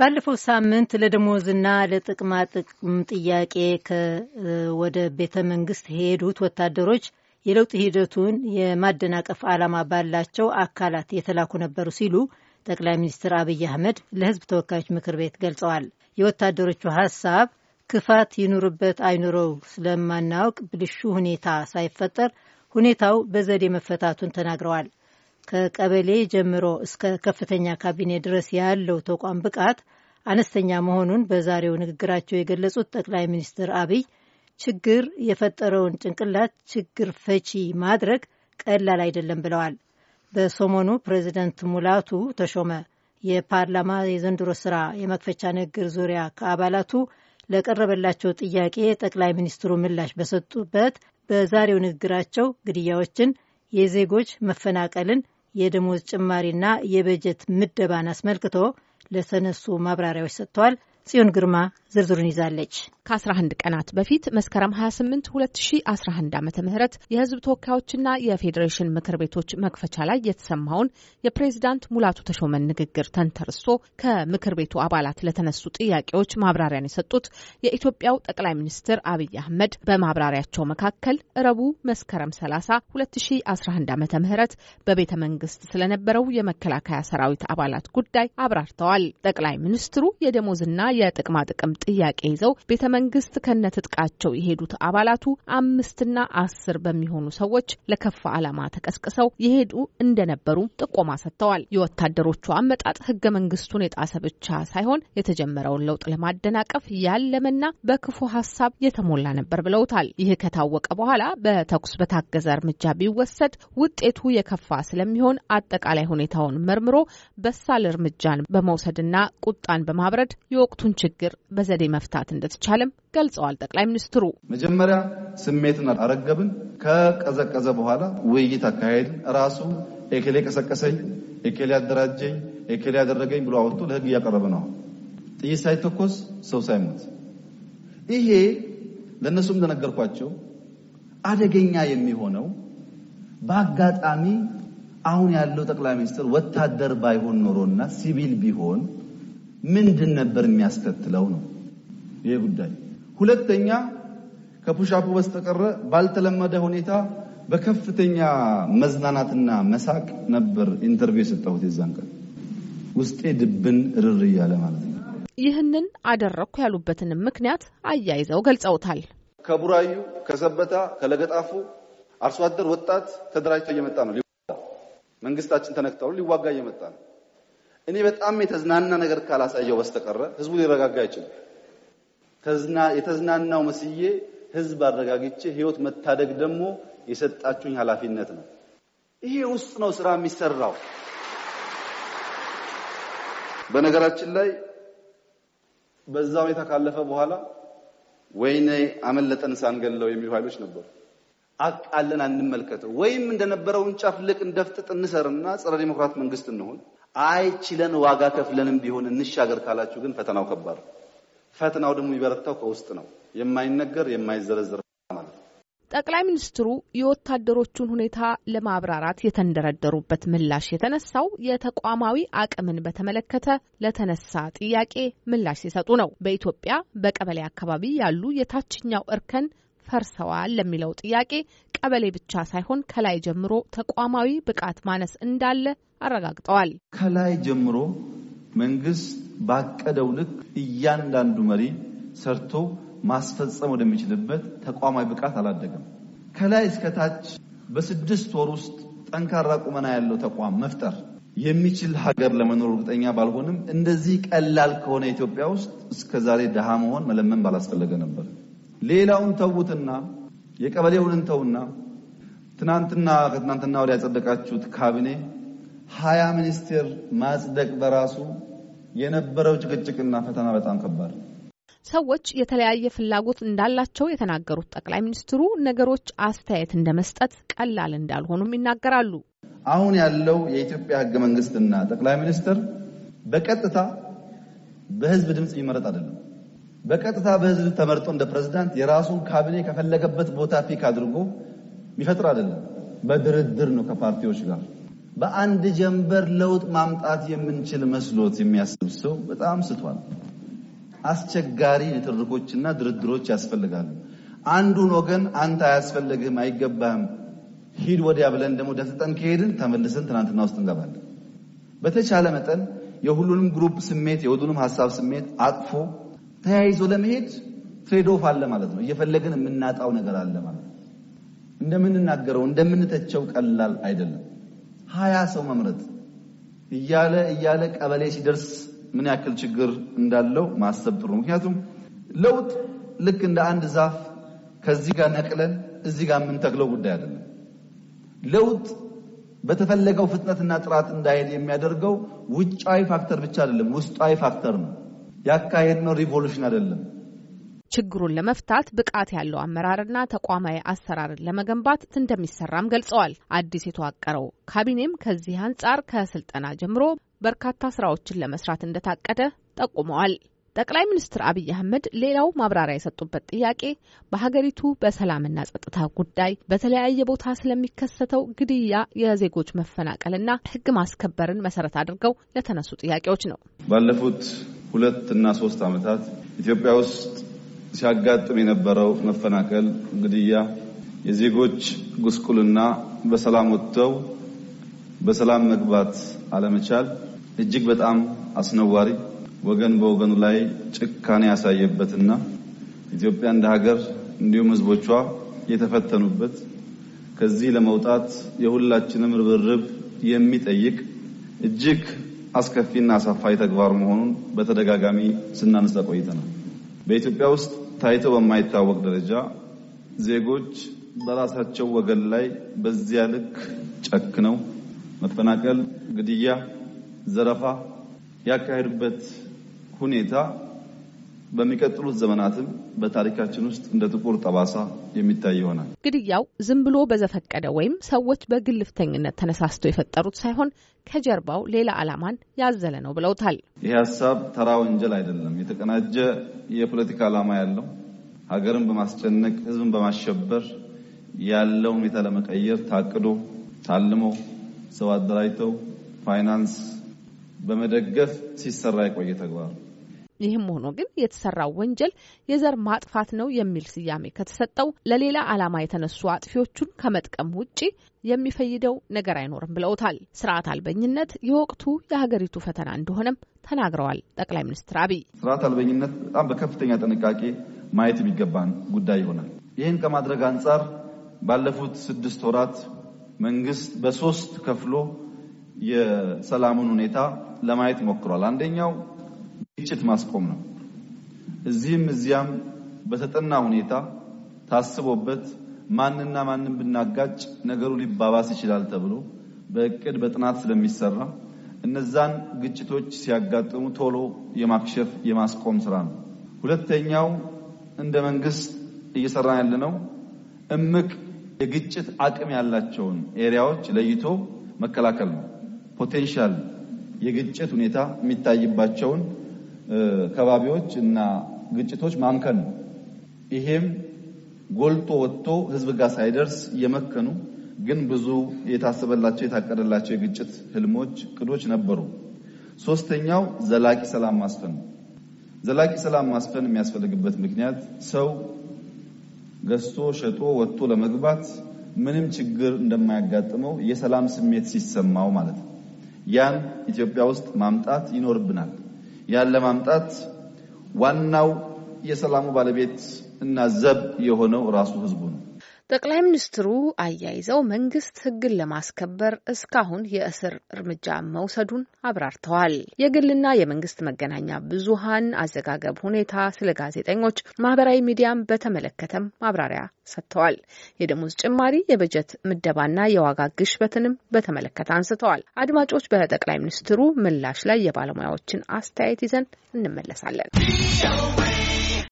ባለፈው ሳምንት ለደሞዝና ለጥቅማ ጥቅም ጥያቄ ወደ ቤተ መንግስት የሄዱት ወታደሮች የለውጥ ሂደቱን የማደናቀፍ ዓላማ ባላቸው አካላት የተላኩ ነበሩ ሲሉ ጠቅላይ ሚኒስትር አብይ አህመድ ለሕዝብ ተወካዮች ምክር ቤት ገልጸዋል። የወታደሮቹ ሀሳብ ክፋት ይኑርበት አይኑረው ስለማናውቅ ብልሹ ሁኔታ ሳይፈጠር ሁኔታው በዘዴ መፈታቱን ተናግረዋል። ከቀበሌ ጀምሮ እስከ ከፍተኛ ካቢኔ ድረስ ያለው ተቋም ብቃት አነስተኛ መሆኑን በዛሬው ንግግራቸው የገለጹት ጠቅላይ ሚኒስትር አብይ ችግር የፈጠረውን ጭንቅላት ችግር ፈቺ ማድረግ ቀላል አይደለም ብለዋል። በሰሞኑ ፕሬዚደንት ሙላቱ ተሾመ የፓርላማ የዘንድሮ ስራ የመክፈቻ ንግግር ዙሪያ ከአባላቱ ለቀረበላቸው ጥያቄ ጠቅላይ ሚኒስትሩ ምላሽ በሰጡበት በዛሬው ንግግራቸው ግድያዎችን፣ የዜጎች መፈናቀልን፣ የደሞዝ ጭማሪና የበጀት ምደባን አስመልክቶ ለሰነሱ ማብራሪያዎች ሰጥተዋል። ጽዮን ግርማ ዝርዝሩን ይዛለች። ከ11 ቀናት በፊት መስከረም 28 2011 ዓ ም የህዝብ ተወካዮችና የፌዴሬሽን ምክር ቤቶች መክፈቻ ላይ የተሰማውን የፕሬዚዳንት ሙላቱ ተሾመን ንግግር ተንተርሶ ከምክር ቤቱ አባላት ለተነሱ ጥያቄዎች ማብራሪያን የሰጡት የኢትዮጵያው ጠቅላይ ሚኒስትር አብይ አህመድ በማብራሪያቸው መካከል እረቡ መስከረም 30 2011 ዓ ም በቤተ መንግስት ስለነበረው የመከላከያ ሰራዊት አባላት ጉዳይ አብራርተዋል። ጠቅላይ ሚኒስትሩ የደሞዝና የጥቅማጥቅም ጥያቄ ይዘው ቤተ መንግስት ከነትጥቃቸው የሄዱት አባላቱ አምስትና አስር በሚሆኑ ሰዎች ለከፋ ዓላማ ተቀስቅሰው የሄዱ እንደነበሩ ጥቆማ ሰጥተዋል። የወታደሮቹ አመጣጥ ህገ መንግስቱን የጣሰ ብቻ ሳይሆን የተጀመረውን ለውጥ ለማደናቀፍ ያለመና በክፉ ሀሳብ የተሞላ ነበር ብለውታል። ይህ ከታወቀ በኋላ በተኩስ በታገዘ እርምጃ ቢወሰድ ውጤቱ የከፋ ስለሚሆን አጠቃላይ ሁኔታውን መርምሮ በሳል እርምጃን በመውሰድና ቁጣን በማብረድ የወቅቱን ችግር በዘዴ መፍታት እንደተቻለ እንደተቻለም ገልጸዋል። ጠቅላይ ሚኒስትሩ መጀመሪያ ስሜትን አረገብን፣ ከቀዘቀዘ በኋላ ውይይት አካሄድን። ራሱ ኤኬሌ ቀሰቀሰኝ፣ ኤኬሌ አደራጀኝ፣ ኤኬሌ ያደረገኝ ብሎ አወጥቶ ለህግ እያቀረበ ነው። ጥይት ሳይተኮስ ሰው ሳይሞት ይሄ ለእነሱም እንደነገርኳቸው አደገኛ የሚሆነው በአጋጣሚ አሁን ያለው ጠቅላይ ሚኒስትር ወታደር ባይሆን ኖሮና ሲቪል ቢሆን ምንድን ነበር የሚያስከትለው ነው። ይሄ ጉዳይ። ሁለተኛ ከፑሻፑ በስተቀረ ባልተለመደ ሁኔታ በከፍተኛ መዝናናትና መሳቅ ነበር ኢንተርቪው የሰጠሁት። የዛን ቀን ውስጤ ድብን ርር እያለ ማለት ነው። ይህንን አደረግኩ ያሉበትንም ምክንያት አያይዘው ገልጸውታል። ከቡራዩ፣ ከሰበታ፣ ከለገጣፉ አርሶ አደር ወጣት ተደራጅቶ እየመጣ ነው። መንግስታችን ተነክተው ሊዋጋ እየመጣ ነው። እኔ በጣም የተዝናና ነገር ካላሳየው በስተቀረ ህዝቡ ሊረጋጋ አይችልም። የተዝናናው መስዬ ህዝብ አረጋግጬ ህይወት መታደግ ደግሞ የሰጣችሁኝ ኃላፊነት ነው። ይሄ ውስጥ ነው ስራ የሚሰራው። በነገራችን ላይ በዛ ሁኔታ ካለፈ በኋላ ወይኔ አመለጠን ሳንገለው የሚሉ ኃይሎች ነበሩ። አቃለን አንመልከተው፣ ወይም እንደነበረው እንጫፍ ልቅ እንደፍጥጥ እንሰርና ጸረ ዲሞክራት መንግስት እንሆን፣ አይችለን ዋጋ ከፍለንም ቢሆን እንሻገር ካላችሁ ግን ፈተናው ከባድ ነው። ፈተናው ደግሞ የሚበረታው ከውስጥ ነው። የማይነገር የማይዘረዝር ማለት ነው። ጠቅላይ ሚኒስትሩ የወታደሮቹን ሁኔታ ለማብራራት የተንደረደሩበት ምላሽ የተነሳው የተቋማዊ አቅምን በተመለከተ ለተነሳ ጥያቄ ምላሽ ሲሰጡ ነው። በኢትዮጵያ በቀበሌ አካባቢ ያሉ የታችኛው እርከን ፈርሰዋል ለሚለው ጥያቄ ቀበሌ ብቻ ሳይሆን ከላይ ጀምሮ ተቋማዊ ብቃት ማነስ እንዳለ አረጋግጠዋል። ከላይ ጀምሮ መንግስት ባቀደው ልክ እያንዳንዱ መሪ ሰርቶ ማስፈጸም ወደሚችልበት ተቋማዊ ብቃት አላደገም። ከላይ እስከታች በስድስት ወር ውስጥ ጠንካራ ቁመና ያለው ተቋም መፍጠር የሚችል ሀገር ለመኖር እርግጠኛ ባልሆንም እንደዚህ ቀላል ከሆነ ኢትዮጵያ ውስጥ እስከዛሬ ድሃ መሆን መለመን ባላስፈለገ ነበር። ሌላውን ተዉትና የቀበሌውን እንተውና ትናንትና ከትናንትና ወዲያ ያጸደቃችሁት ካቢኔ ሀያ ሚኒስቴር ማጽደቅ በራሱ የነበረው ጭቅጭቅና ፈተና በጣም ከባድ ነው። ሰዎች የተለያየ ፍላጎት እንዳላቸው የተናገሩት ጠቅላይ ሚኒስትሩ ነገሮች አስተያየት እንደ መስጠት ቀላል እንዳልሆኑም ይናገራሉ። አሁን ያለው የኢትዮጵያ ህገ መንግስትና ጠቅላይ ሚኒስትር በቀጥታ በህዝብ ድምፅ የሚመረጥ አይደለም። በቀጥታ በህዝብ ተመርጦ እንደ ፕሬዚዳንት የራሱን ካቢኔ ከፈለገበት ቦታ ፊክ አድርጎ የሚፈጥር አይደለም። በድርድር ነው ከፓርቲዎች ጋር በአንድ ጀንበር ለውጥ ማምጣት የምንችል መስሎት የሚያስብ ሰው በጣም ስቷል። አስቸጋሪ ንትርኮችና ድርድሮች ያስፈልጋሉ። አንዱን ወገን አንተ አያስፈልግህም፣ አይገባህም፣ ሂድ ወዲያ ብለን ደግሞ ደፍጠን ከሄድን ተመልሰን ትናንትና ውስጥ እንገባለን። በተቻለ መጠን የሁሉንም ግሩፕ ስሜት የሁሉንም ሀሳብ ስሜት አጥፎ ተያይዞ ለመሄድ ትሬድ ኦፍ አለ ማለት ነው። እየፈለግን የምናጣው ነገር አለ ማለት ነው። እንደምንናገረው እንደምንተቸው ቀላል አይደለም። ሀያ ሰው መምረጥ እያለ እያለ ቀበሌ ሲደርስ ምን ያክል ችግር እንዳለው ማሰብ ጥሩ። ምክንያቱም ለውጥ ልክ እንደ አንድ ዛፍ ከዚህ ጋር ነቅለን እዚህ ጋር የምንተክለው ጉዳይ አይደለም። ለውጥ በተፈለገው ፍጥነትና ጥራት እንዳይሄድ የሚያደርገው ውጫዊ ፋክተር ብቻ አይደለም፣ ውስጣዊ ፋክተር ነው። ያካሄድነው ሪቮሉሽን አይደለም። ችግሩን ለመፍታት ብቃት ያለው አመራርና ተቋማዊ አሰራርን ለመገንባት እንደሚሰራም ገልጸዋል። አዲስ የተዋቀረው ካቢኔም ከዚህ አንጻር ከስልጠና ጀምሮ በርካታ ስራዎችን ለመስራት እንደታቀደ ጠቁመዋል። ጠቅላይ ሚኒስትር አብይ አህመድ ሌላው ማብራሪያ የሰጡበት ጥያቄ በሀገሪቱ በሰላምና ጸጥታ ጉዳይ በተለያየ ቦታ ስለሚከሰተው ግድያ፣ የዜጎች መፈናቀልና ሕግ ማስከበርን መሰረት አድርገው ለተነሱ ጥያቄዎች ነው። ባለፉት ሁለት እና ሶስት ዓመታት ኢትዮጵያ ውስጥ ሲያጋጥም የነበረው መፈናቀል፣ ግድያ፣ የዜጎች ጉስቁልና በሰላም ወጥተው በሰላም መግባት አለመቻል እጅግ በጣም አስነዋሪ ወገን በወገኑ ላይ ጭካኔ ያሳየበትና ኢትዮጵያ እንደ ሀገር እንዲሁም ሕዝቦቿ የተፈተኑበት ከዚህ ለመውጣት የሁላችንም ርብርብ የሚጠይቅ እጅግ አስከፊና አሳፋይ ተግባር መሆኑን በተደጋጋሚ ስናነሳ ቆይተናል። በኢትዮጵያ ውስጥ ታይቶ በማይታወቅ ደረጃ ዜጎች በራሳቸው ወገን ላይ በዚያ ልክ ጨክነው መፈናቀል፣ ግድያ፣ ዘረፋ ያካሄዱበት ሁኔታ በሚቀጥሉት ዘመናትም በታሪካችን ውስጥ እንደ ጥቁር ጠባሳ የሚታይ ይሆናል። ግድያው ዝም ብሎ በዘፈቀደ ወይም ሰዎች በግልፍተኝነት ተነሳስተው የፈጠሩት ሳይሆን ከጀርባው ሌላ ዓላማን ያዘለ ነው ብለውታል። ይህ ሀሳብ ተራ ወንጀል አይደለም። የተቀናጀ የፖለቲካ ዓላማ ያለው ሀገርን በማስጨነቅ ህዝብን በማሸበር ያለው ሁኔታ ለመቀየር ታቅዶ ታልሞ ሰው አደራጅተው ፋይናንስ በመደገፍ ሲሰራ የቆየ ተግባር ይህም ሆኖ ግን የተሰራው ወንጀል የዘር ማጥፋት ነው የሚል ስያሜ ከተሰጠው ለሌላ ዓላማ የተነሱ አጥፊዎቹን ከመጥቀም ውጪ የሚፈይደው ነገር አይኖርም ብለውታል። ስርዓት አልበኝነት የወቅቱ የሀገሪቱ ፈተና እንደሆነም ተናግረዋል። ጠቅላይ ሚኒስትር አብይ ስርዓት አልበኝነት በጣም በከፍተኛ ጥንቃቄ ማየት የሚገባን ጉዳይ ይሆናል። ይህን ከማድረግ አንጻር ባለፉት ስድስት ወራት መንግስት በሶስት ከፍሎ የሰላሙን ሁኔታ ለማየት ሞክሯል። አንደኛው ግጭት ማስቆም ነው። እዚህም እዚያም በተጠና ሁኔታ ታስቦበት ማንና ማንም ብናጋጭ ነገሩ ሊባባስ ይችላል ተብሎ በእቅድ በጥናት ስለሚሰራ እነዛን ግጭቶች ሲያጋጥሙ ቶሎ የማክሸፍ የማስቆም ስራ ነው። ሁለተኛው እንደ መንግስት እየሰራ ያለነው እምቅ የግጭት አቅም ያላቸውን ኤሪያዎች ለይቶ መከላከል ነው። ፖቴንሻል የግጭት ሁኔታ የሚታይባቸውን ከባቢዎች እና ግጭቶች ማምከን ነው። ይሄም ጎልቶ ወጥቶ ህዝብ ጋር ሳይደርስ እየመከኑ ግን ብዙ የታሰበላቸው የታቀደላቸው የግጭት ህልሞች፣ ቅዶች ነበሩ። ሶስተኛው ዘላቂ ሰላም ማስፈን ነው። ዘላቂ ሰላም ማስፈን የሚያስፈልግበት ምክንያት ሰው ገዝቶ ሸጦ ወጥቶ ለመግባት ምንም ችግር እንደማያጋጥመው የሰላም ስሜት ሲሰማው ማለት ነው። ያን ኢትዮጵያ ውስጥ ማምጣት ይኖርብናል። ያለ ማምጣት ዋናው የሰላሙ ባለቤት እና ዘብ የሆነው ራሱ ህዝቡ ነው። ጠቅላይ ሚኒስትሩ አያይዘው መንግስት ህግን ለማስከበር እስካሁን የእስር እርምጃ መውሰዱን አብራርተዋል። የግልና የመንግስት መገናኛ ብዙሃን አዘጋገብ ሁኔታ፣ ስለ ጋዜጠኞች፣ ማህበራዊ ሚዲያም በተመለከተም ማብራሪያ ሰጥተዋል። የደሞዝ ጭማሪ፣ የበጀት ምደባና የዋጋ ግሽበትንም በተመለከተ አንስተዋል። አድማጮች፣ በጠቅላይ ሚኒስትሩ ምላሽ ላይ የባለሙያዎችን አስተያየት ይዘን እንመለሳለን።